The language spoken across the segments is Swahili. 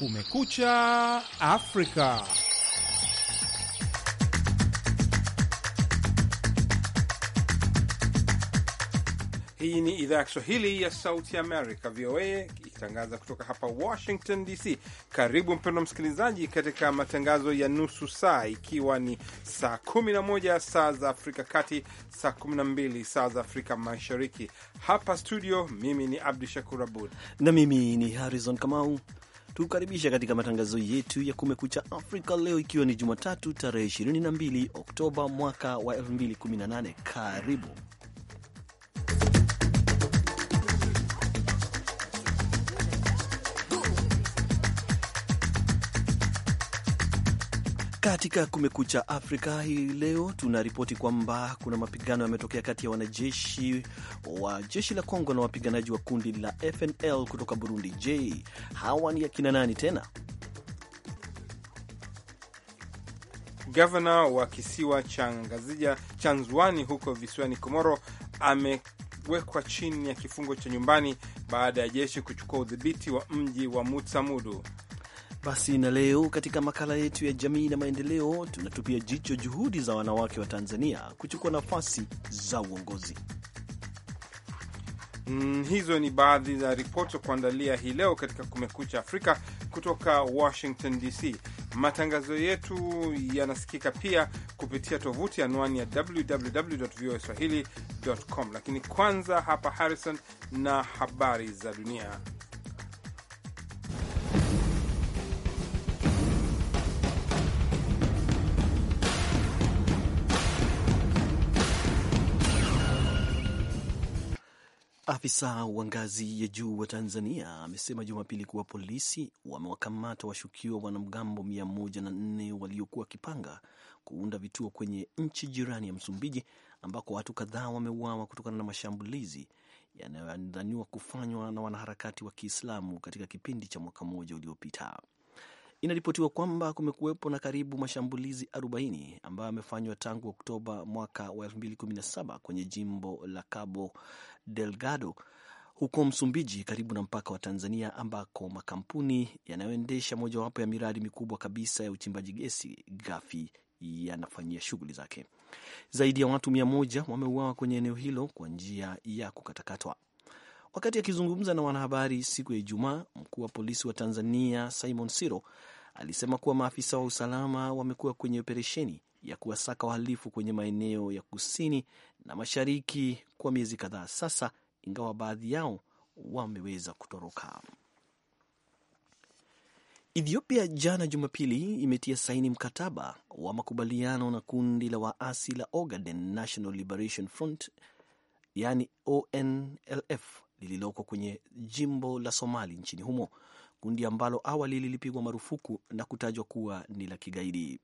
Kumekucha Afrika. Hii ni idhaa ya Kiswahili ya Sauti Amerika, VOA, ikitangaza kutoka hapa Washington DC. Karibu mpendwa msikilizaji, katika matangazo ya nusu saa, ikiwa ni saa 11 saa za Afrika Kati, saa 12 saa za Afrika Mashariki. Hapa studio, mimi ni Abdu Shakur Abud na mimi ni Harrison Kamau tukukaribisha katika matangazo yetu ya Kumekucha Afrika leo ikiwa ni Jumatatu tarehe 22 Oktoba mwaka wa 2018. Karibu Katika Kumekucha Afrika hii leo tunaripoti kwamba kuna mapigano yametokea kati ya wanajeshi wa jeshi la Kongo na wapiganaji wa kundi la FNL kutoka Burundi. Je, hawa ni akina nani tena? Gavana wa kisiwa cha Ngazija cha Nzwani huko visiwani Komoro amewekwa chini ya kifungo cha nyumbani baada ya jeshi kuchukua udhibiti wa mji wa Mutsamudu. Basi na leo katika makala yetu ya jamii na maendeleo, tunatupia jicho juhudi za wanawake wa Tanzania kuchukua nafasi za uongozi. Mm, hizo ni baadhi za ripoti za kuandalia hii leo katika Kumekucha Afrika kutoka Washington DC. Matangazo yetu yanasikika pia kupitia tovuti anwani ya swahilicom lakini kwanza hapa Harrison na habari za dunia. Afisa wa ngazi ya juu wa Tanzania amesema Jumapili kuwa polisi wamewakamata washukiwa wanamgambo mia moja na nne waliokuwa wakipanga kuunda vituo kwenye nchi jirani ya Msumbiji ambako watu kadhaa wameuawa kutokana na mashambulizi yanayodhaniwa kufanywa na wanaharakati wa Kiislamu katika kipindi cha mwaka mmoja uliopita. Inaripotiwa kwamba kumekuwepo na karibu mashambulizi 40 ambayo yamefanywa tangu Oktoba mwaka wa 2017 kwenye jimbo la Cabo Delgado huko Msumbiji, karibu na mpaka wa Tanzania, ambako makampuni yanayoendesha mojawapo ya miradi mikubwa kabisa ya uchimbaji gesi ghafi yanafanyia shughuli zake. Zaidi ya watu mia moja wameuawa kwenye eneo hilo kwa njia ya kukatakatwa. Wakati akizungumza na wanahabari siku ya Ijumaa, mkuu wa polisi wa Tanzania Simon Siro alisema kuwa maafisa wa usalama wamekuwa kwenye operesheni ya kuwasaka wahalifu kwenye maeneo ya kusini na mashariki kwa miezi kadhaa sasa, ingawa baadhi yao wameweza kutoroka. Ethiopia jana Jumapili imetia saini mkataba wa makubaliano na kundi la waasi la Ogaden National Liberation Front, yani ONLF, lililoko kwenye jimbo la Somali nchini humo, kundi ambalo awali lilipigwa marufuku na kutajwa kuwa ni la kigaidi.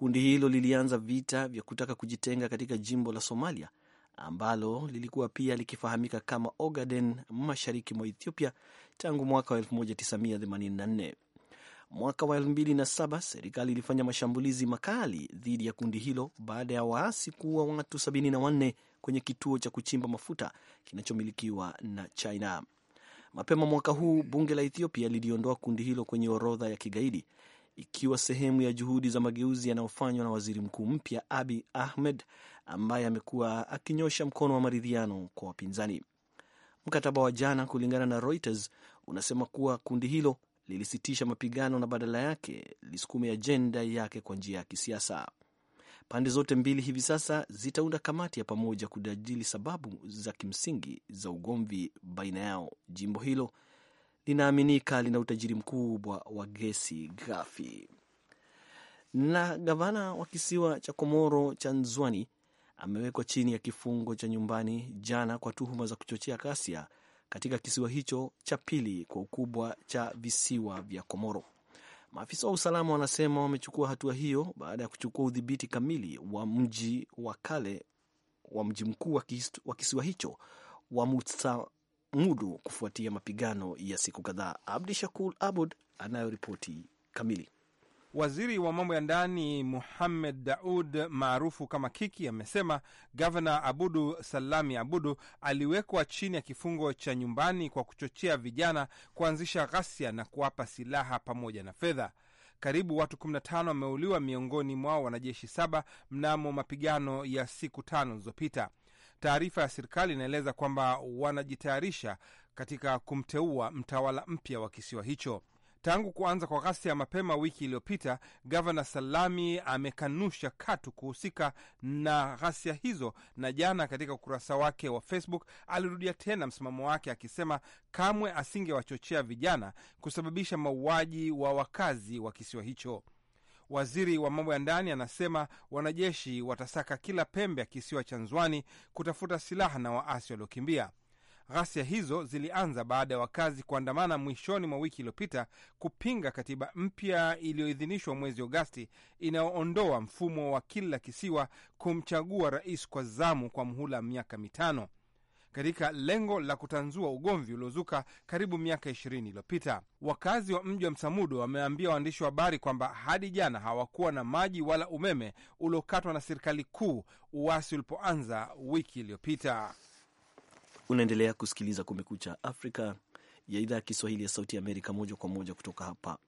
Kundi hilo lilianza vita vya kutaka kujitenga katika jimbo la Somalia ambalo lilikuwa pia likifahamika kama Ogaden mashariki mwa Ethiopia tangu mwaka wa 1984. Mwaka wa 2007 serikali ilifanya mashambulizi makali dhidi ya kundi hilo baada ya waasi kuua watu 74 kwenye kituo cha kuchimba mafuta kinachomilikiwa na China. Mapema mwaka huu bunge la Ethiopia liliondoa kundi hilo kwenye orodha ya kigaidi ikiwa sehemu ya juhudi za mageuzi yanayofanywa na waziri mkuu mpya abi Ahmed ambaye amekuwa akinyosha mkono wa maridhiano kwa wapinzani. Mkataba wa jana, kulingana na Reuters, unasema kuwa kundi hilo lilisitisha mapigano na badala yake lisukume ajenda yake kwa njia ya kisiasa. Pande zote mbili hivi sasa zitaunda kamati ya pamoja kujadili sababu za kimsingi za ugomvi baina yao. Jimbo hilo linaaminika lina utajiri mkubwa wa gesi ghafi. Na gavana wa kisiwa cha Komoro cha Nzwani amewekwa chini ya kifungo cha nyumbani jana kwa tuhuma za kuchochea ghasia katika kisiwa hicho cha pili kwa ukubwa cha visiwa vya Komoro. Maafisa wa usalama wanasema wamechukua hatua hiyo baada ya kuchukua udhibiti kamili wa mji wa kale wa mji mkuu wa kisiwa hicho wa Mutsa mudu kufuatia mapigano ya siku kadhaa. Abdi Shakur Abud anayo ripoti kamili. Waziri wa mambo ya ndani Muhammed Daud maarufu kama Kiki amesema gavana Abudu Salami Abudu aliwekwa chini ya kifungo cha nyumbani kwa kuchochea vijana kuanzisha ghasia na kuwapa silaha pamoja na fedha. Karibu watu 15 wameuliwa, miongoni mwao wanajeshi saba mnamo mapigano ya siku tano zilizopita. Taarifa ya serikali inaeleza kwamba wanajitayarisha katika kumteua mtawala mpya wa kisiwa hicho. Tangu kuanza kwa ghasia ya mapema wiki iliyopita, gavana Salami amekanusha katu kuhusika na ghasia hizo, na jana katika ukurasa wake wa Facebook alirudia tena msimamo wake akisema kamwe asingewachochea vijana kusababisha mauaji wa wakazi wa kisiwa hicho. Waziri wa mambo ya ndani anasema wanajeshi watasaka kila pembe ya kisiwa cha Nzwani kutafuta silaha na waasi waliokimbia. Ghasia hizo zilianza baada ya wakazi kuandamana mwishoni mwa wiki iliyopita kupinga katiba mpya iliyoidhinishwa mwezi Agosti inayoondoa mfumo wa kila kisiwa kumchagua rais kwa zamu kwa mhula miaka mitano katika lengo la kutanzua ugomvi uliozuka karibu miaka ishirini iliyopita. Wakazi wa mji wa Msamudo wameambia waandishi wa habari kwamba hadi jana hawakuwa na maji wala umeme uliokatwa na serikali kuu uasi ulipoanza wiki iliyopita. Unaendelea kusikiliza Kumekucha Afrika ya idhaa ya Kiswahili ya Sauti ya Amerika, moja kwa moja kutoka hapa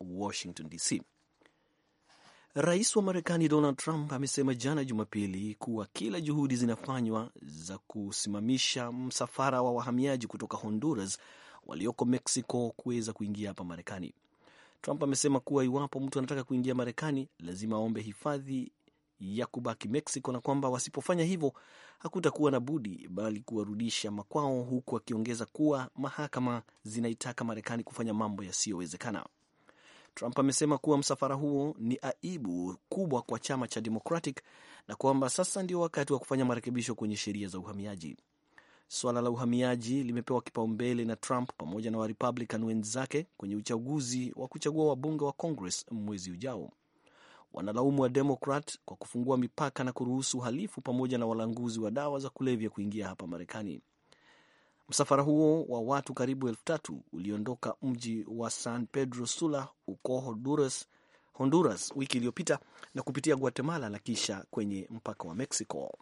Washington DC. Rais wa Marekani Donald Trump amesema jana Jumapili kuwa kila juhudi zinafanywa za kusimamisha msafara wa wahamiaji kutoka Honduras walioko Mexico kuweza kuingia hapa Marekani. Trump amesema kuwa iwapo mtu anataka kuingia Marekani lazima aombe hifadhi ya kubaki Mexico na kwamba wasipofanya hivyo hakutakuwa na budi bali kuwarudisha makwao, huku akiongeza kuwa mahakama zinaitaka Marekani kufanya mambo yasiyowezekana. Trump amesema kuwa msafara huo ni aibu kubwa kwa chama cha Democratic na kwamba sasa ndio wakati wa kufanya marekebisho kwenye sheria za uhamiaji. Swala la uhamiaji limepewa kipaumbele na Trump pamoja na Warepublican wenzake kwenye uchaguzi wa kuchagua wabunge wa Congress mwezi ujao. Wanalaumu wa Demokrat kwa kufungua mipaka na kuruhusu uhalifu pamoja na walanguzi wa dawa za kulevya kuingia hapa Marekani. Msafara huo wa watu karibu elfu tatu uliondoka mji wa San Pedro Sula huko Honduras, Honduras wiki iliyopita na kupitia Guatemala na kisha kwenye mpaka wa Mexico.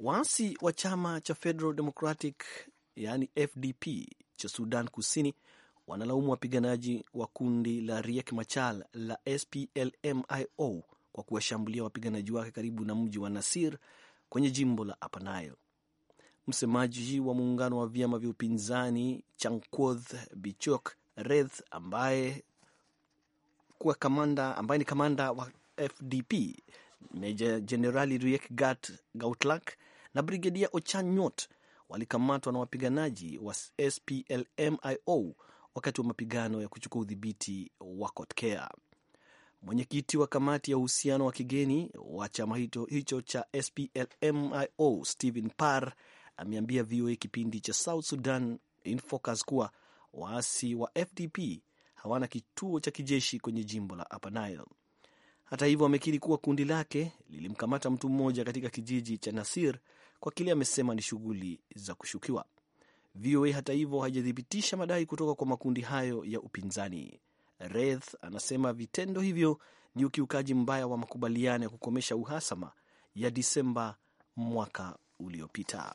Waasi wa chama cha Federal Democratic yani FDP cha Sudan Kusini wanalaumu wapiganaji wa kundi la Riek Machar la SPLMIO kwa kuwashambulia wapiganaji wake karibu na mji wa Nasir kwenye jimbo la Upper Nile. Msemaji wa muungano wa vyama vya upinzani Chankuoth Bichok Reth ambaye kuwa kamanda ambaye ni kamanda wa FDP Meja Jenerali Riek Gautlak na Brigedia Ochanyot walikamatwa na wapiganaji wa SPLMIO wakati wa mapigano ya kuchukua udhibiti wa Kotkea. Mwenyekiti wa kamati ya uhusiano wa kigeni wa chama hicho cha SPLMIO Stephen Parr ameambia VOA kipindi cha South Sudan in Focus kuwa waasi wa FDP hawana kituo cha kijeshi kwenye jimbo la Upper Nile. Hata hivyo, amekiri kuwa kundi lake lilimkamata mtu mmoja katika kijiji cha Nasir kwa kile amesema ni shughuli za kushukiwa. VOA hata hivyo haijathibitisha madai kutoka kwa makundi hayo ya upinzani. Reth anasema vitendo hivyo ni ukiukaji mbaya wa makubaliano ya kukomesha uhasama ya Disemba mwaka uliopita.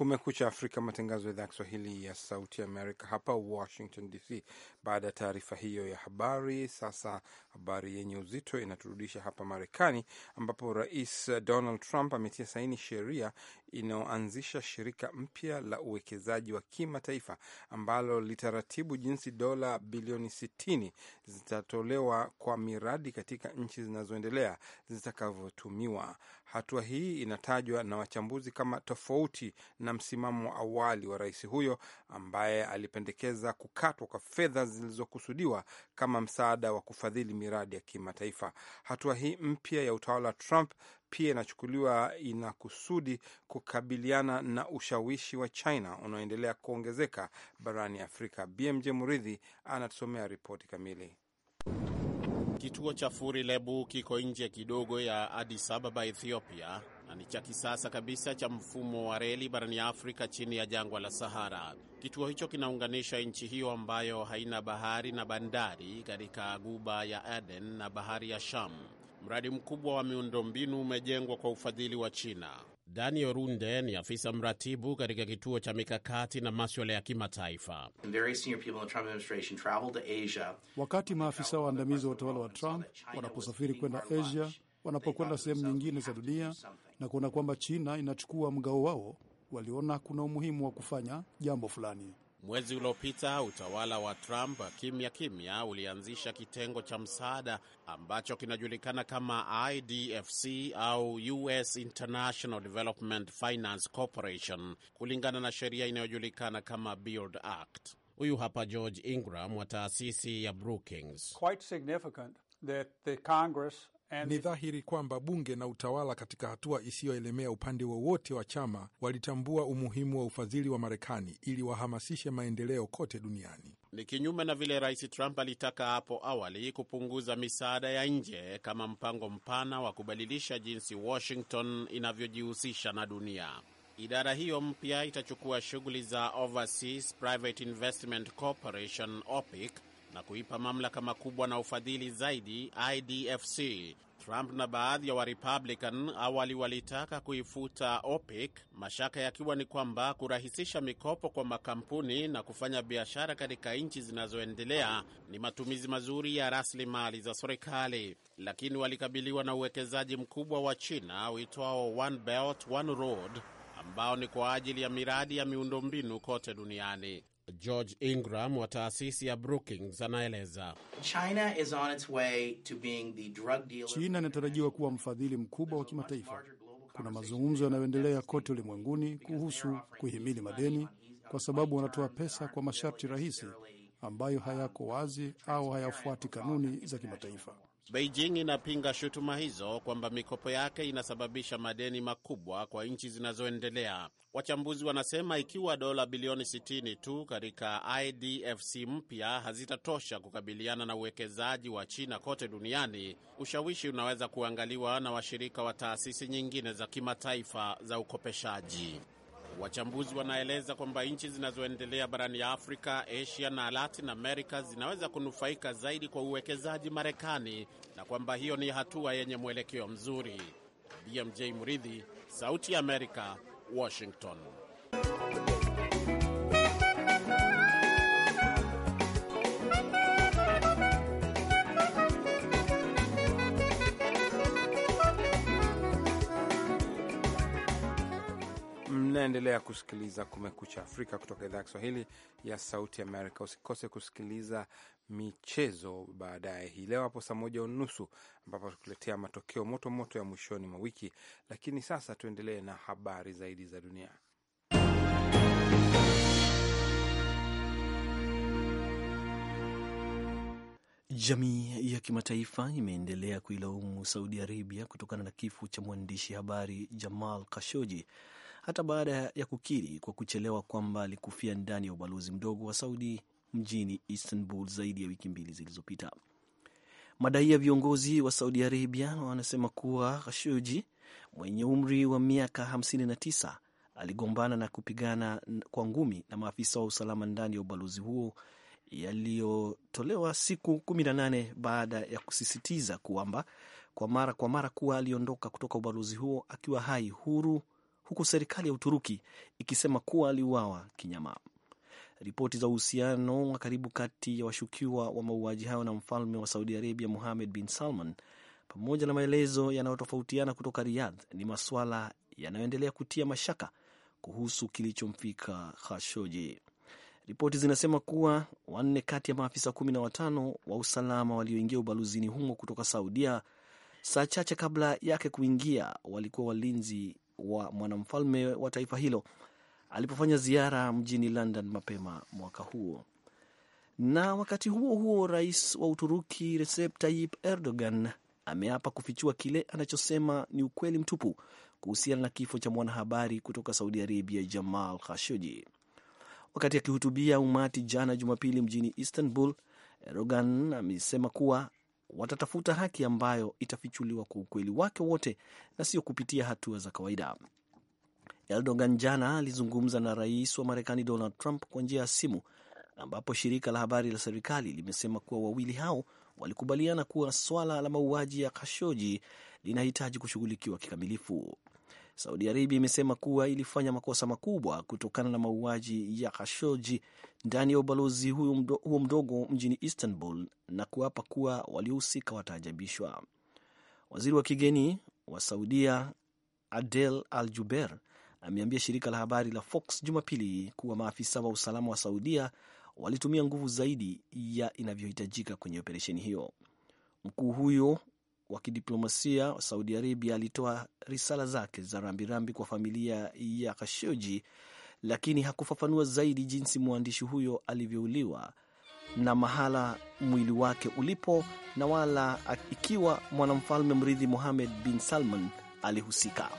Kumekucha Afrika, matangazo ya idhaa ya Kiswahili ya Sauti Amerika hapa Washington DC. Baada ya taarifa hiyo ya habari, sasa habari yenye uzito inaturudisha hapa Marekani, ambapo Rais Donald Trump ametia saini sheria inayoanzisha shirika mpya la uwekezaji wa kimataifa ambalo litaratibu jinsi dola bilioni 60 zitatolewa kwa miradi katika nchi zinazoendelea zitakavyotumiwa. Hatua hii inatajwa na wachambuzi kama tofauti na msimamo wa awali wa rais huyo ambaye alipendekeza kukatwa kwa fedha zilizokusudiwa kama msaada wa kufadhili miradi ya kimataifa. Hatua hii mpya ya utawala wa Trump pia inachukuliwa inakusudi kukabiliana na ushawishi wa China unaoendelea kuongezeka barani Afrika. BMJ Muridhi anatusomea ripoti kamili. Kituo cha Furilebu kiko nje kidogo ya Addis Ababa, Ethiopia, na ni cha kisasa kabisa cha mfumo wa reli barani Afrika chini ya jangwa la Sahara. Kituo hicho kinaunganisha nchi hiyo ambayo haina bahari na bandari katika guba ya Aden na bahari ya Sham. Mradi mkubwa wa miundombinu umejengwa kwa ufadhili wa China. Daniel Runde ni afisa mratibu katika kituo cha mikakati na maswala ya kimataifa. Wakati maafisa waandamizi wa utawala wa Trump wanaposafiri kwenda Asia, wanapokwenda sehemu nyingine za dunia na kuona kwamba China inachukua mgao wao, waliona kuna umuhimu wa kufanya jambo fulani. Mwezi uliopita utawala wa Trump kimya kimya ulianzisha kitengo cha msaada ambacho kinajulikana kama IDFC au US International Development Finance Corporation kulingana na sheria inayojulikana kama Build Act. Huyu hapa George Ingram wa taasisi ya Brookings. Quite significant that the Congress ni dhahiri kwamba bunge na utawala katika hatua isiyoelemea upande wowote wa, wa chama walitambua umuhimu wa ufadhili wa Marekani ili wahamasishe maendeleo kote duniani. Ni kinyume na vile Rais Trump alitaka hapo awali kupunguza misaada ya nje kama mpango mpana wa kubadilisha jinsi Washington inavyojihusisha na dunia. Idara hiyo mpya itachukua shughuli za Overseas Private Investment Corporation OPIC na kuipa mamlaka makubwa na ufadhili zaidi IDFC. Trump na baadhi ya Warepublican awali walitaka kuifuta opic mashaka yakiwa ni kwamba kurahisisha mikopo kwa makampuni na kufanya biashara katika nchi zinazoendelea ni matumizi mazuri ya rasilimali za serikali, lakini walikabiliwa na uwekezaji mkubwa wa China uitwao One Belt One Road ambao ni kwa ajili ya miradi ya miundombinu kote duniani. George Ingram wa taasisi ya Brookings anaeleza. China inatarajiwa kuwa mfadhili mkubwa wa kimataifa. Kuna mazungumzo yanayoendelea kote ulimwenguni kuhusu kuhimili madeni, kwa sababu wanatoa pesa kwa masharti rahisi ambayo hayako wazi au hayafuati kanuni za kimataifa. Beijing inapinga shutuma hizo kwamba mikopo yake inasababisha madeni makubwa kwa nchi zinazoendelea. Wachambuzi wanasema ikiwa dola bilioni 60 tu katika IDFC mpya hazitatosha kukabiliana na uwekezaji wa China kote duniani, ushawishi unaweza kuangaliwa na washirika wa taasisi nyingine za kimataifa za ukopeshaji. Wachambuzi wanaeleza kwamba nchi zinazoendelea barani ya Afrika, Asia na Latin America zinaweza kunufaika zaidi kwa uwekezaji Marekani na kwamba hiyo ni hatua yenye mwelekeo mzuri. BMJ Muridhi, Sauti ya Amerika, Washington. Unaendelea kusikiliza Kumekucha Afrika kutoka idhaa ya Kiswahili ya Sauti Amerika. Usikose kusikiliza michezo baadaye hii leo hapo saa moja unusu ambapo tukuletea matokeo moto moto ya mwishoni mwa wiki, lakini sasa tuendelee na habari zaidi za dunia. Jamii ya kimataifa imeendelea kuilaumu Saudi Arabia kutokana na kifo cha mwandishi habari Jamal Khashoggi hata baada ya kukiri kwa kuchelewa kwamba alikufia ndani ya ubalozi mdogo wa Saudi mjini Istanbul zaidi ya wiki mbili zilizopita. Madai ya viongozi wa Saudi Arabia wanasema kuwa Khashoggi mwenye umri wa miaka 59 aligombana na kupigana kwa ngumi na maafisa wa usalama ndani ya ubalozi huo, yaliyotolewa siku 18 baada ya kusisitiza kwamba kwa mara kwa mara kuwa aliondoka kutoka ubalozi huo akiwa hai, huru huku serikali ya Uturuki ikisema kuwa aliuawa kinyama. Ripoti za uhusiano wa karibu kati ya washukiwa wa mauaji hayo na mfalme wa Saudi Arabia Muhamed bin Salman pamoja na maelezo yanayotofautiana kutoka Riyadh ni masuala yanayoendelea kutia mashaka kuhusu kilichomfika Khashoji. Ripoti zinasema kuwa wanne kati ya maafisa kumi na watano wa usalama walioingia ubalozini humo kutoka Saudia saa chache kabla yake kuingia walikuwa walinzi wa mwanamfalme wa taifa hilo alipofanya ziara mjini London mapema mwaka huo. Na wakati huo huo, rais wa Uturuki Recep Tayyip Erdogan ameapa kufichua kile anachosema ni ukweli mtupu kuhusiana na kifo cha mwanahabari kutoka Saudi Arabia Jamal Khashoggi. Wakati akihutubia umati jana Jumapili mjini Istanbul, Erdogan amesema kuwa watatafuta haki ambayo itafichuliwa kwa ukweli wake wote na sio kupitia hatua za kawaida. Erdogan jana alizungumza na rais wa Marekani Donald Trump kwa njia ya simu, ambapo shirika la habari la serikali limesema kuwa wawili hao walikubaliana kuwa swala la mauaji ya Khashoggi linahitaji kushughulikiwa kikamilifu. Saudi Arabia imesema kuwa ilifanya makosa makubwa kutokana na mauaji ya Khashoggi ndani ya ubalozi huo mdogo mjini Istanbul na kuapa kuwa waliohusika wataajabishwa. Waziri wa kigeni wa Saudia Adel Al juber ameambia shirika la habari la Fox Jumapili kuwa maafisa wa usalama wa Saudia walitumia nguvu zaidi ya inavyohitajika kwenye operesheni hiyo. Mkuu huyo wa kidiplomasia wa Saudi Arabia alitoa risala zake za rambirambi kwa familia ya Khashoggi, lakini hakufafanua zaidi jinsi mwandishi huyo alivyouliwa na mahala mwili wake ulipo na wala ikiwa mwanamfalme mrithi Mohammed bin Salman alihusika.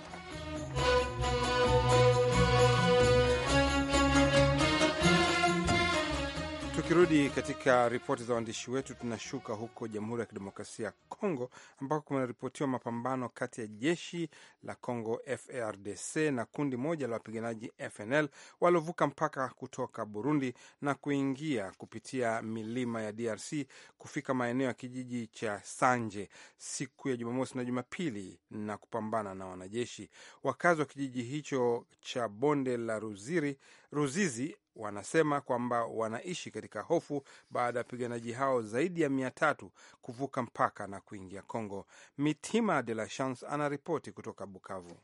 Tukirudi katika ripoti za waandishi wetu, tunashuka huko Jamhuri ya Kidemokrasia ya Kongo ambako kumeripotiwa mapambano kati ya jeshi la Kongo FARDC na kundi moja la wapiganaji FNL waliovuka mpaka kutoka Burundi na kuingia kupitia milima ya DRC kufika maeneo ya kijiji cha Sanje siku ya Jumamosi na Jumapili na kupambana na wanajeshi. Wakazi wa kijiji hicho cha bonde la Ruziri Ruzizi wanasema kwamba wanaishi katika hofu baada ya wapiganaji hao zaidi ya mia tatu kuvuka mpaka na kuingia Kongo. Mitima de la Chance anaripoti kutoka Bukavu.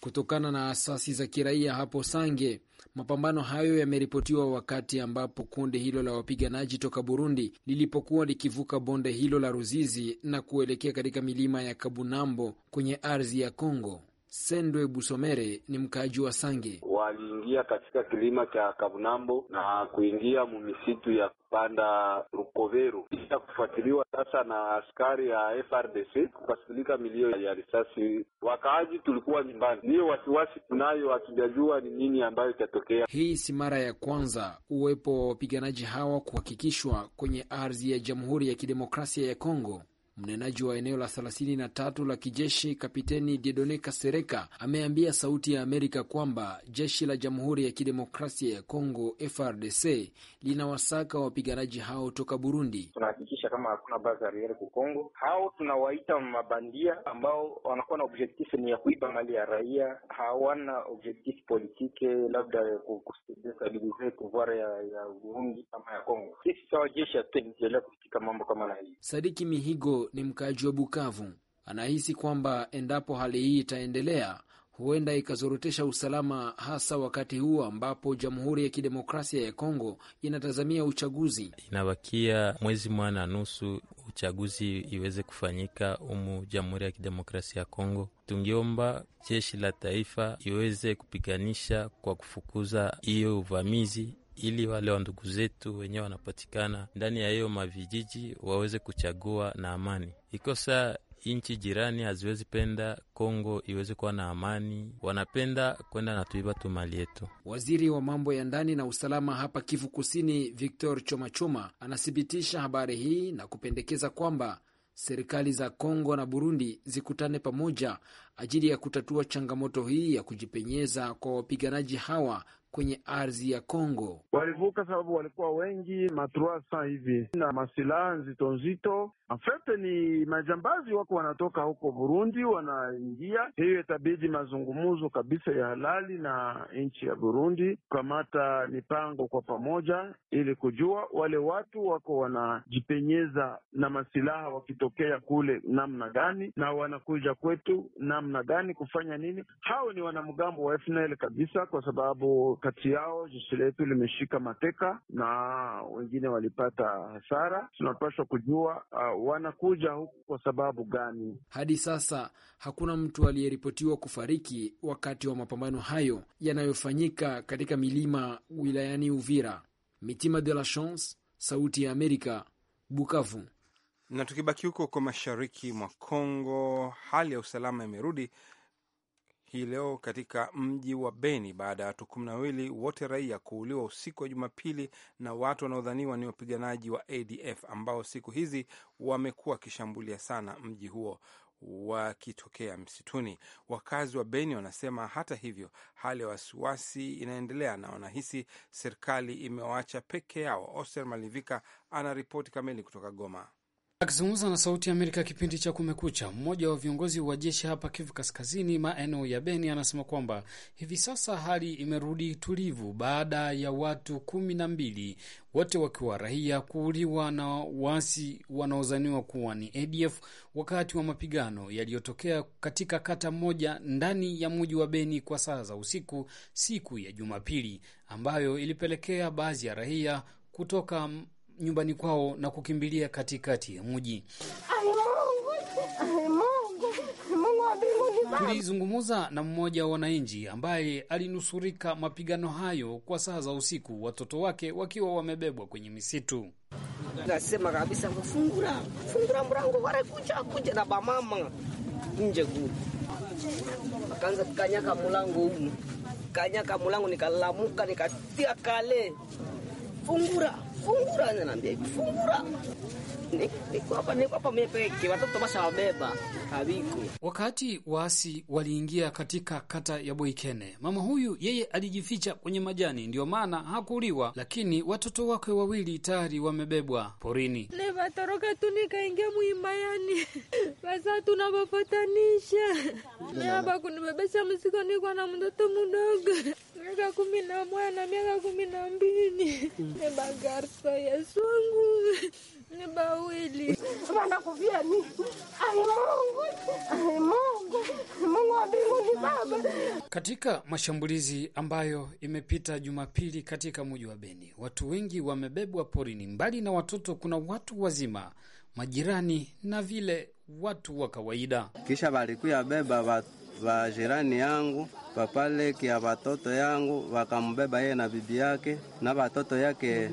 Kutokana na asasi za kiraia hapo Sange, mapambano hayo yameripotiwa wakati ambapo kundi hilo la wapiganaji toka Burundi lilipokuwa likivuka bonde hilo la Ruzizi na kuelekea katika milima ya Kabunambo kwenye ardhi ya Kongo. Sendwe Busomere ni mkaaji wa Sange. Waliingia katika kilima cha Kavunambo na kuingia mumisitu ya kupanda Rukoveru kisha kufuatiliwa sasa na askari ya FRDC, kukasikilika milio ya risasi. Wakaaji tulikuwa nyumbani, ndiyo wasiwasi tunayo, hatujajua ni nini ambayo itatokea. Hii si mara ya kwanza uwepo wa wapiganaji hawa kuhakikishwa kwenye ardhi ya Jamhuri ya Kidemokrasia ya Kongo. Mnenaji wa eneo la 33 la kijeshi Kapiteni Diedone Kasereka ameambia Sauti ya Amerika kwamba jeshi la Jamhuri ya Kidemokrasia ya Kongo FRDC linawasaka wapiganaji hao toka Burundi. Tunahakikisha kama hakuna bazariere ku Kongo. Hao tunawaita mabandia ambao wanakuwa na objektif ni ya kuiba mali ya raia, hawana objektif politike, labda kudestabilize pouvoir ya, ya Burundi ama ya Kongo. Sisi sawa jeshi hatuendelea kupitika mambo kama na hii. Sadiki Mihigo ni mkaaji wa Bukavu. Anahisi kwamba endapo hali hii itaendelea huenda ikazorotesha usalama, hasa wakati huu ambapo Jamhuri ya Kidemokrasia ya Kongo inatazamia uchaguzi. Inabakia mwezi mwana nusu uchaguzi iweze kufanyika humu Jamhuri ya Kidemokrasia ya Kongo. tungiomba jeshi la taifa iweze kupiganisha kwa kufukuza hiyo uvamizi ili wale wa ndugu zetu wenyewe wanapatikana ndani ya hiyo mavijiji waweze kuchagua na amani. Iko saa nchi jirani haziwezi penda Kongo iweze kuwa na amani, wanapenda kwenda na tuiba tu mali yetu. Waziri wa mambo ya ndani na usalama hapa Kivu Kusini, Victor Chomachoma, anathibitisha habari hii na kupendekeza kwamba serikali za Kongo na Burundi zikutane pamoja ajili ya kutatua changamoto hii ya kujipenyeza kwa wapiganaji hawa kwenye ardhi ya Kongo. Walivuka sababu walikuwa wengi matrasa hivi na masilaha nzito nzito. Afete ni majambazi wako wanatoka huko Burundi wanaingia. Hiyo itabidi mazungumuzo kabisa ya halali na nchi ya Burundi, kukamata mipango kwa pamoja, ili kujua wale watu wako wanajipenyeza na masilaha wakitokea kule namna gani, na wanakuja kwetu namna gani, kufanya nini. Hao ni wanamgambo wa FNL kabisa, kwa sababu kati yao jeshi letu limeshika mateka na wengine walipata hasara. Tunapaswa kujua uh, wanakuja huku kwa sababu gani. Hadi sasa hakuna mtu aliyeripotiwa kufariki wakati wa mapambano hayo yanayofanyika katika milima wilayani Uvira. Mitima de la Chance, Sauti ya Amerika, Bukavu. Na tukibaki huko kwa mashariki mwa Kongo, hali ya usalama imerudi hii leo katika mji wa Beni baada ya watu kumi na wawili wote raia kuuliwa usiku wa Jumapili na watu wanaodhaniwa ni wapiganaji wa ADF ambao siku hizi wamekuwa wakishambulia sana mji huo wakitokea msituni. Wakazi wa Beni wanasema hata hivyo, hali ya wasiwasi inaendelea na wanahisi serikali imewaacha peke yao. Oster Malivika ana ripoti kamili kutoka Goma. Akizungumza na Sauti ya Amerika kipindi cha Kumekucha, mmoja wa viongozi wa jeshi hapa Kivu Kaskazini, maeneo ya Beni, anasema kwamba hivi sasa hali imerudi tulivu baada ya watu kumi na mbili wote wakiwa raia kuuliwa na waasi wanaozaniwa kuwa ni ADF wakati wa mapigano yaliyotokea katika kata moja ndani ya mji wa Beni kwa saa za usiku siku ya Jumapili, ambayo ilipelekea baadhi ya raia kutoka nyumbani kwao na kukimbilia katikati ya mji. Tulizungumza na mmoja wa wananchi ambaye alinusurika mapigano hayo kwa saa za usiku, watoto wake wakiwa wamebebwa kwenye misitu. Nasema kabisa fungura fungura mrango wale, kuja kuja na bamama nje kuu, akaanza kanyaka mulango huu, kanyaka mulango, nikalamuka nikatia kale fungura ananiambia Niko hapa, niko hapa mimi peke, watoto Wakati waasi waliingia katika kata ya Boikene, mama huyu yeye alijificha kwenye majani, ndiyo maana hakuliwa lakini watoto wake wawili tayari wamebebwa porini. Nivatoroka tu nikaingia Muimayani, basa tunavofatanisha hapa kunibebesha mzigo, niko na mtoto mdogo miaka kumi na na miaka kumi na mbili ni yesungu ya sungu ni ai Mungu ai Mungu Mungu wa mbinguni Baba. Katika mashambulizi ambayo imepita Jumapili katika muji wa Beni, watu wengi wamebebwa porini. Mbali na watoto, kuna watu wazima, majirani na vile watu wa kawaida, kisha walikuya beba watu vajirani yangu vapaleki kia vatoto yangu wakambeba yeye na bibi yake na vatoto yake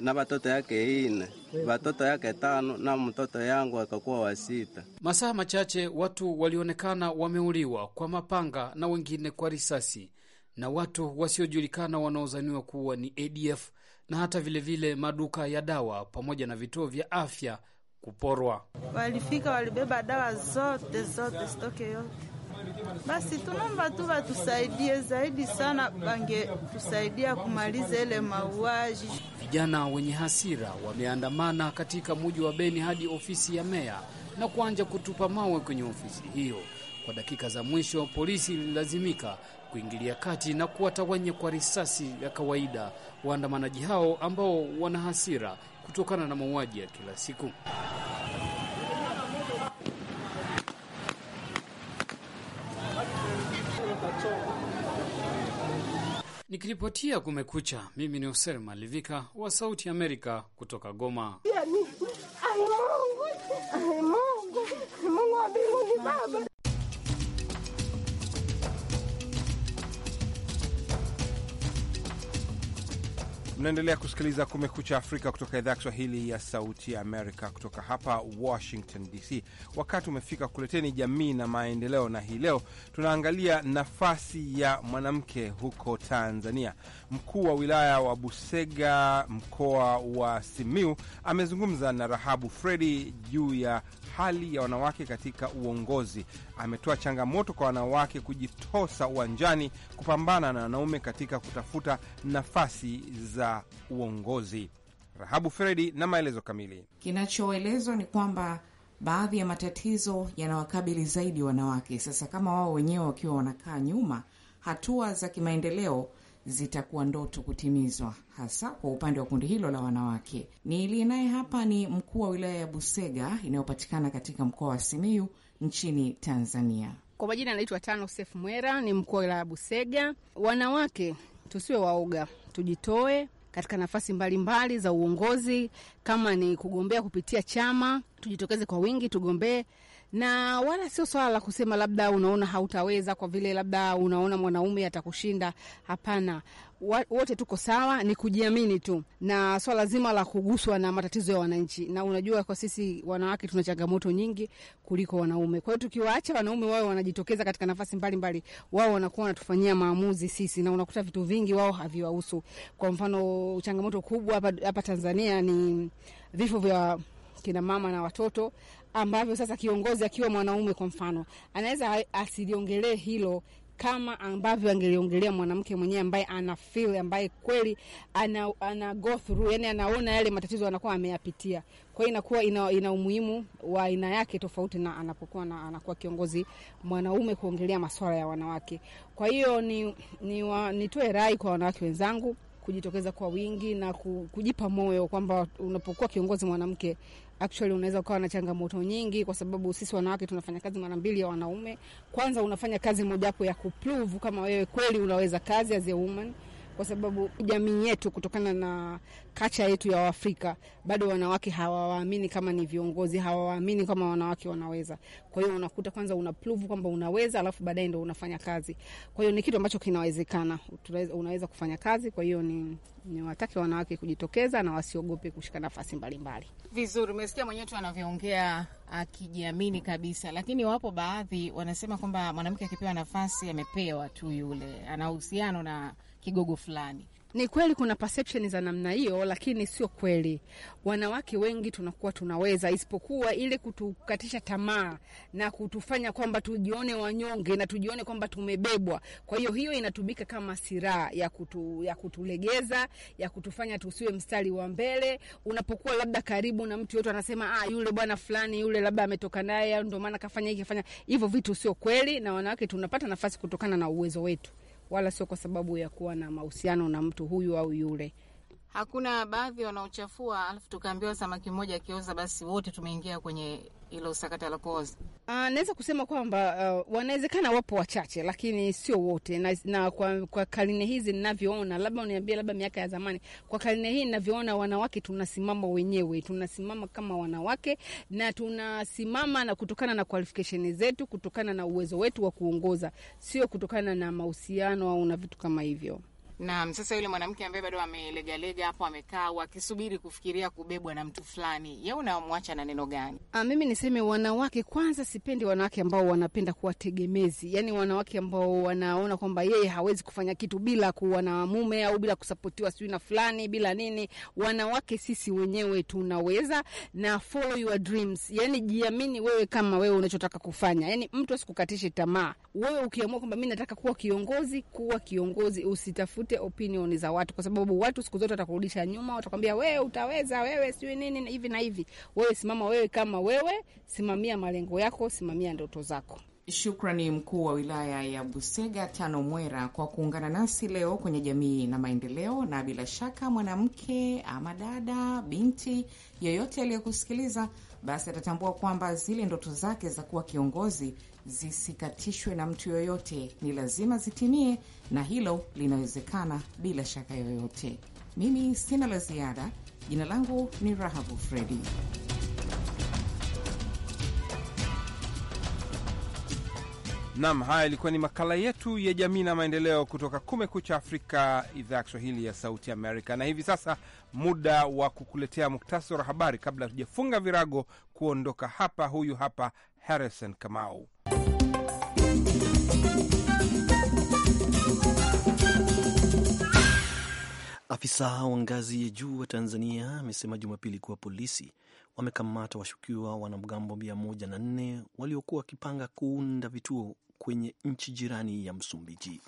na vatoto yake ine watoto yake tano na mtoto yangu akakuwa wa sita. Masaa machache watu walionekana wameuliwa kwa mapanga na wengine kwa risasi na watu wasiojulikana wanaozaniwa kuwa ni ADF na hata vilevile vile maduka ya dawa pamoja na vituo vya afya kuporwa. Walifika walibeba dawa zote zote, stoke yote basi tunaomba tu watusaidie zaidi sana, bangetusaidia kumaliza ile mauaji. Vijana wenye hasira wameandamana katika muji wa Beni hadi ofisi ya meya na kuanja kutupa mawe kwenye ofisi hiyo. Kwa dakika za mwisho, polisi ililazimika kuingilia kati na kuwatawanya kwa risasi ya kawaida waandamanaji hao ambao wana hasira kutokana na mauaji ya kila siku. Nikiripotia Kumekucha, mimi ni Hoser Malivika wa Sauti Amerika kutoka Goma. Yaani, Mungu, Mungu wa mbinguni Baba. Mnaendelea kusikiliza Kumekucha Afrika kutoka idhaa ya Kiswahili ya Sauti ya Amerika kutoka hapa Washington DC. Wakati umefika kuleteni Jamii na Maendeleo, na hii leo tunaangalia nafasi ya mwanamke huko Tanzania. Mkuu wa wilaya wa Busega, mkoa wa Simiu, amezungumza na Rahabu Fredi juu ya hali ya wanawake katika uongozi. Ametoa changamoto kwa wanawake kujitosa uwanjani kupambana na wanaume katika kutafuta nafasi za za uongozi. Rahabu Fredi na maelezo kamili. Kinachoelezwa ni kwamba baadhi ya matatizo yanawakabili zaidi wanawake. Sasa kama wao wenyewe wakiwa wanakaa nyuma, hatua za kimaendeleo zitakuwa ndoto kutimizwa, hasa kwa upande wa kundi hilo la wanawake. Niliye naye hapa ni mkuu wa wilaya ya Busega inayopatikana katika mkoa wa Simiyu nchini Tanzania. Kwa majina anaitwa Tano Sef Mwera, ni mkuu wa wilaya ya Busega. Wanawake tusiwe waoga, tujitoe katika nafasi mbalimbali mbali za uongozi, kama ni kugombea kupitia chama, tujitokeze kwa wingi tugombee na wala sio swala la kusema labda unaona hautaweza kwa vile labda unaona mwanaume atakushinda. Hapana, wote tuko sawa, ni kujiamini tu, na swala zima la kuguswa na matatizo ya wananchi. Na unajua kwa sisi wanawake tuna changamoto nyingi kuliko wanaume, kwa hiyo tukiwaacha wanaume wao wanajitokeza katika nafasi mbalimbali, wao wanakuwa wanatufanyia maamuzi sisi, na unakuta vitu vingi wao haviwahusu. Kwa mfano, changamoto kubwa hapa Tanzania ni vifo vya kina mama na watoto ambavyo sasa kiongozi akiwa mwanaume kwa mfano anaweza asiliongelee hilo kama ambavyo angeliongelea mwanamke mwenyewe ambaye ana feel ambaye kweli ana, ana go through, yani anaona yale matatizo anakuwa ameyapitia. Kwa hiyo inakuwa ina, ina umuhimu wa aina yake tofauti na anapokuwa na, anakuwa kiongozi mwanaume kuongelea masuala ya wanawake. Kwa hiyo ni, ni wa, nitoe rai kwa wanawake wenzangu kujitokeza kwa wingi na kujipa moyo kwamba unapokuwa kiongozi mwanamke actually unaweza ukawa na changamoto nyingi, kwa sababu sisi wanawake tunafanya kazi mara mbili ya wanaume. Kwanza unafanya kazi mojawapo ya kupruvu kama wewe kweli unaweza kazi as a woman kwa sababu jamii yetu, kutokana na kacha yetu ya Waafrika, bado wanawake hawawaamini kama ni viongozi, hawawaamini kama wanawake wanaweza. Kwa hiyo unakuta kwanza unaprove kwamba unaweza, alafu baadaye ndo unafanya kazi. Kwa hiyo ni kitu ambacho kinawezekana, unaweza kufanya kazi. Kwa hiyo ni, ni watake wanawake kujitokeza na wasiogope kushika nafasi mbalimbali. Vizuri, umesikia mwenyewe tu anavyoongea akijiamini kabisa, lakini wapo baadhi wanasema kwamba mwanamke akipewa nafasi amepewa tu, yule ana uhusiano na kigogo fulani. Ni kweli kuna perception za namna hiyo, lakini sio kweli. Wanawake wengi tunakuwa tunaweza, isipokuwa ile kutukatisha tamaa na kutufanya kwamba tujione wanyonge na tujione kwamba tumebebwa. Kwa hiyo hiyo inatumika kama silaha ya kutu, ya kutulegeza, ya kutufanya tusiwe mstari wa mbele. Unapokuwa labda karibu na mtu yote anasema ah, yule bwana fulani yule labda ametoka naye, ndio maana kafanya hiki kafanya hivyo. Vitu sio kweli, na wanawake tunapata nafasi kutokana na uwezo wetu wala sio kwa sababu ya kuwa na mahusiano na mtu huyu au yule. Hakuna baadhi wanaochafua, alafu tukaambiwa samaki mmoja akioza, basi wote tumeingia kwenye hilo sakata la kuoza? Uh, naweza kusema kwamba uh, wanawezekana wapo wachache, lakini sio wote na, na kwa, kwa karine hizi ninavyoona, labda uniambie, labda miaka ya zamani, kwa karine hii ninavyoona, wanawake tunasimama wenyewe, tunasimama kama wanawake na tunasimama na kutokana na qualification zetu, kutokana na uwezo wetu wa kuongoza, sio kutokana na mahusiano au na vitu kama hivyo. Naam, sasa yule mwanamke ambaye bado amelegalega hapo amekaa akisubiri kufikiria kubebwa na mtu fulani, ye unamwacha na neno gani? Ah, mimi niseme wanawake kwanza, sipendi wanawake ambao wanapenda kuwa tegemezi, yaani wanawake ambao wanaona kwamba yeye hawezi kufanya kitu bila kuwa na mume au bila kusapotiwa sijui na fulani bila nini. Wanawake sisi wenyewe tunaweza, na follow your dreams, yaani jiamini wewe kama wewe unachotaka kufanya, yaani mtu asikukatishe tamaa. Wewe ukiamua kwamba mi nataka kuwa kiongozi, kuwa kiongozi, usitafuti utafute opinion za watu, kwa sababu watu siku zote watakurudisha nyuma, watakwambia wewe utaweza, wewe sijui nini hivi na hivi. Wewe simama, wewe kama wewe, simamia malengo yako, simamia ndoto zako. Shukrani mkuu wa wilaya ya Busega Tano Mwera kwa kuungana nasi leo kwenye jamii na maendeleo. Na bila shaka mwanamke ama dada, binti yeyote aliyekusikiliza, basi atatambua kwamba zile ndoto zake za kuwa kiongozi zisikatishwe na mtu yoyote, ni lazima zitimie na hilo linawezekana bila shaka yoyote. Mimi sina la ziada. Jina langu ni Rahabu Fredi. Nam, haya ilikuwa ni makala yetu ya jamii na maendeleo kutoka Kumekucha Afrika, idhaa ya Kiswahili ya Sauti Amerika. Na hivi sasa muda wa kukuletea muktasari wa habari kabla hatujafunga virago kuondoka hapa. Huyu hapa Harrison Kamau. Afisa wa ngazi ya juu wa Tanzania amesema Jumapili kuwa polisi wamekamata washukiwa wanamgambo mia moja na nne waliokuwa wakipanga kuunda vituo kwenye nchi jirani ya Msumbiji.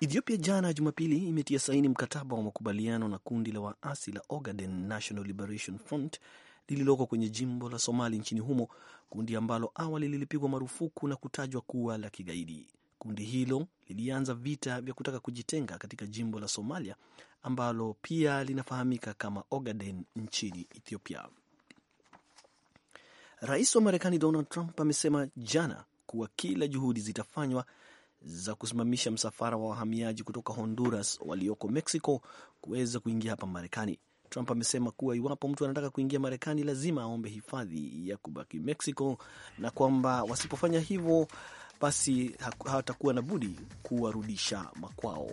Ethiopia jana Jumapili imetia saini mkataba wa makubaliano na kundi la waasi la Ogaden National Liberation Front lililoko kwenye jimbo la Somali nchini humo, kundi ambalo awali lilipigwa marufuku na kutajwa kuwa la kigaidi. Kundi hilo lilianza vita vya kutaka kujitenga katika jimbo la Somalia ambalo pia linafahamika kama Ogaden nchini Ethiopia. Rais wa Marekani Donald Trump amesema jana kuwa kila juhudi zitafanywa za kusimamisha msafara wa wahamiaji kutoka Honduras walioko Mexico kuweza kuingia hapa Marekani. Trump amesema kuwa iwapo mtu anataka kuingia Marekani lazima aombe hifadhi ya kubaki Mexico na kwamba wasipofanya hivyo basi hawatakuwa na budi kuwarudisha makwao.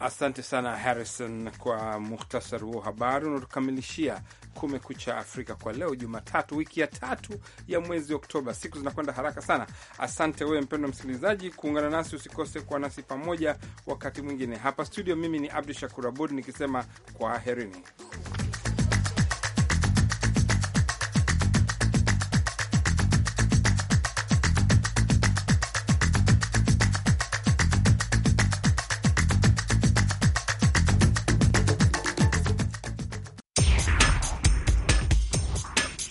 Asante sana Harrison kwa muhtasari huo habari unaotukamilishia Kumekucha Afrika kwa leo Jumatatu, wiki ya tatu ya mwezi Oktoba. Siku zinakwenda haraka sana. Asante wewe mpendwa msikilizaji kuungana nasi, usikose kuwa nasi pamoja wakati mwingine hapa studio. Mimi ni Abdu Shakur Abud nikisema kwa herini